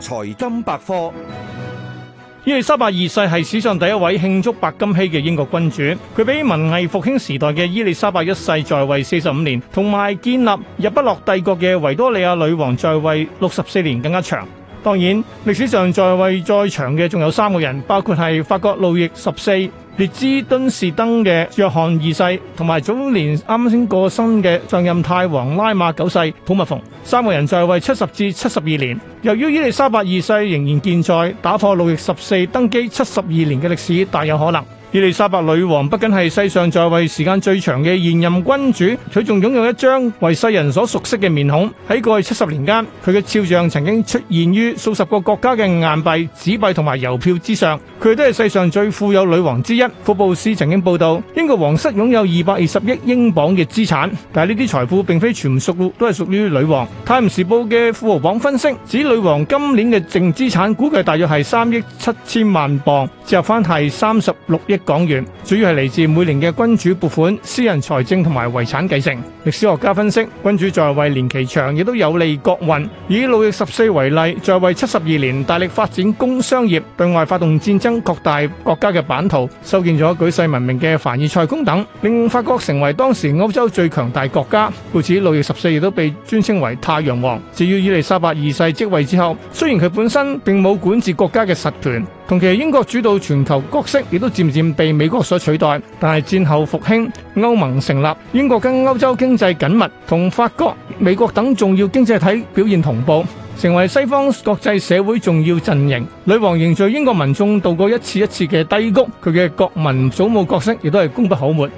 財金百科，伊利沙伯二世係史上第一位慶祝白金禧嘅英國君主，佢比文藝復興時代嘅伊利沙伯一世在位四十五年，同埋建立日不落帝國嘅維多利亞女王在位六十四年更加長。當然，歷史上在位再長嘅仲有三個人，包括係法國路易十四、列支敦士登嘅約翰二世，同埋早年啱先過身嘅上任泰王拉馬九世普密蓬。三個人在位七十至七十二年，由於伊利沙伯二世仍然健在，打破路易十四登基七十二年嘅歷史大有可能。伊利沙伯女王不僅係世上在位時間最長嘅現任君主，佢仲擁有一張為世人所熟悉嘅面孔。喺過去七十年間，佢嘅肖像曾經出現於數十個國家嘅硬幣、紙幣同埋郵票之上。佢都係世上最富有女王之一。福布斯曾經報道，英國皇室擁有二百二十億英鎊嘅資產，但係呢啲財富並非全屬都係屬於女王。泰晤士報嘅富豪榜分析指，女王今年嘅淨資產估計大約係三億七千萬鎊，折合翻係三十六億港元，主要係嚟自每年嘅君主撥款、私人財政同埋遺產繼承。歷史學家分析，君主在位年期長亦都有利國運。以路易十四為例，在位七十二年，大力發展工商業，對外發動戰爭。各大國家嘅版圖，修建咗舉世聞名嘅凡爾賽宮等，令法國成為當時歐洲最強大國家。故此，六月十四日都被尊稱為太陽王。至於伊利沙伯二世即位之後，雖然佢本身並冇管治國家嘅實權，同其英國主導全球角色亦都漸漸被美國所取代。但係戰後復興、歐盟成立、英國跟歐洲經濟緊密，同法國、美國等重要經濟體表現同步。成為西方國際社會重要陣營，女王凝聚英國民眾度過一次一次嘅低谷，佢嘅國民祖母角色亦都係功不可沒。